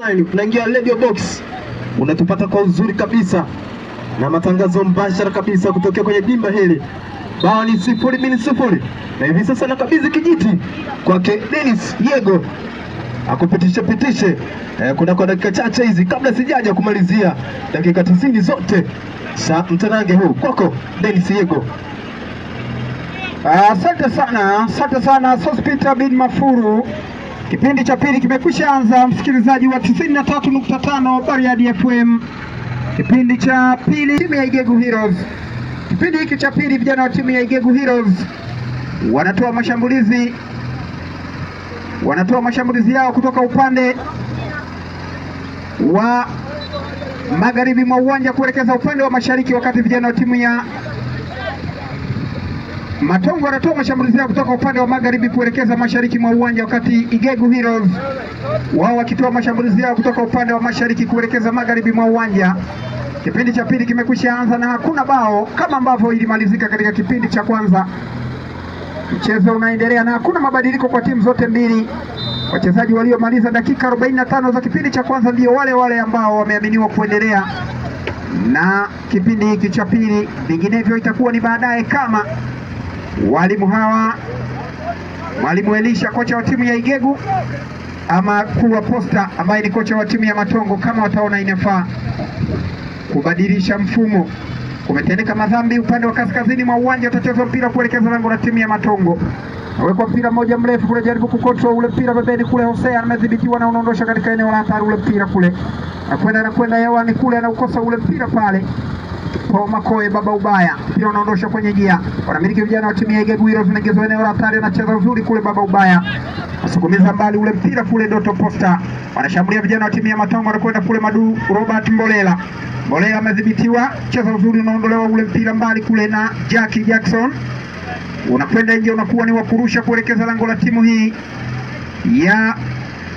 online unaingia Radio Box unatupata kwa uzuri kabisa na matangazo mbashara kabisa kutokea kwenye dimba hili. Bao ni sifuri bin sifuri, na hivi sasa nakabidhi kijiti kwake Dennis Yego akupitishe pitishe eh, kuna kwa dakika chache hizi kabla sijaja kumalizia dakika tisini zote sa mtanange huu kwako Dennis Yego. Ah, asante sana, asante sana Sospita bin Mafuru. Kipindi cha pili kimekwisha anza, msikilizaji wa 93.5 Bariadi FM. Kipindi cha pili timu ya Igegu Heroes. Kipindi hiki cha pili vijana wa timu ya Igegu Heroes wanatoa mashambulizi, wanatoa mashambulizi yao kutoka upande wa magharibi mwa uwanja kuelekeza upande wa mashariki, wakati vijana wa timu ya Matongo anatoa mashambulizi yao kutoka upande wa magharibi kuelekeza mashariki mwa uwanja, wakati Igegu Heroes wao wakitoa mashambulizi yao kutoka upande wa mashariki kuelekeza magharibi mwa uwanja. Kipindi cha pili kimekwisha anza na hakuna bao kama ambavyo ilimalizika katika kipindi cha kwanza. Mchezo unaendelea na hakuna mabadiliko kwa timu zote mbili. Wachezaji waliomaliza dakika 45 za kipindi cha kwanza ndio wale wale ambao wameaminiwa kuendelea na kipindi hiki cha pili, vinginevyo itakuwa ni baadaye kama Walimu hawa Mwalimu Elisha, kocha wa timu ya Igegu ama kuwa Posta ambaye ni kocha wa timu ya Matongo, kama wataona inafaa kubadilisha mfumo. Kumetendeka madhambi upande wa kaskazini mwa uwanja, utachezwa mpira kuelekeza lango la timu ya Matongo. Awekwa mpira mmoja mrefu kule, jaribu kukontrol ule mpira pembeni kule, Hosea amedhibitiwa na unaondosha katika eneo la hatari ule mpira kule, nakwenda nakwenda hewani kule, anaukosa ule mpira pale kwa Makoe baba ubaya, mpira unaondoshwa kwenye gia, wanamiliki vijana wa timu ya Igegwiro, vinaingizwa eneo la hatari, anacheza vizuri kule baba ubaya, asukumiza mbali ule mpira kule Doto Posta, wanashambulia vijana wa timu ya Matongo, wanakwenda kule Madu Robert Mbolela, Mbolela amedhibitiwa, cheza vizuri, unaondolewa ule mpira mbali kule na Jackie Jackson, unakwenda nje, unakuwa ni wakurusha kuelekeza lango la timu hii ya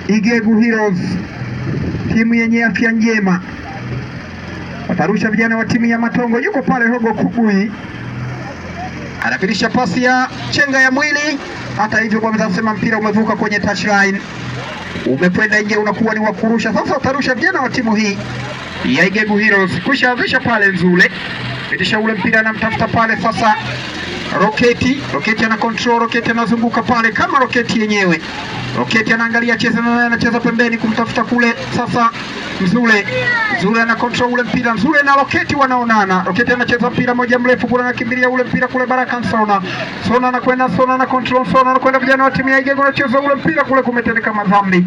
Igegu Heroes, timu yenye afya njema watarusha vijana wa timu ya Matongo, yuko pale Hogo Kubui, anapitisha pasi ya chenga ya mwili. Hata hivyo kwamezasema mpira umevuka kwenye touchline, umekwenda nje, unakuwa ni wakurusha. Sasa watarusha vijana wa timu hii ya Igegu Heroes, kushavisha pale Nzule, pitisha ule mpira, anamtafuta pale sasa Roketi, Roketi ana control, Roketi anazunguka pale kama Roketi yenyewe. Roketi anaangalia cheza na anacheza pembeni kumtafuta kule sasa Mzule Mzule anakontrol ule mpira, Mzule na Roketi wanaonana. Roketi anacheza mpira moja mrefu kule, anakimbilia ule mpira kule, Baraka Sona. Sona anakwenda, Sona anakontrol, Sona anakwenda, vijana wa timu ya Igego ule mpira kule, kumetendeka madhambi.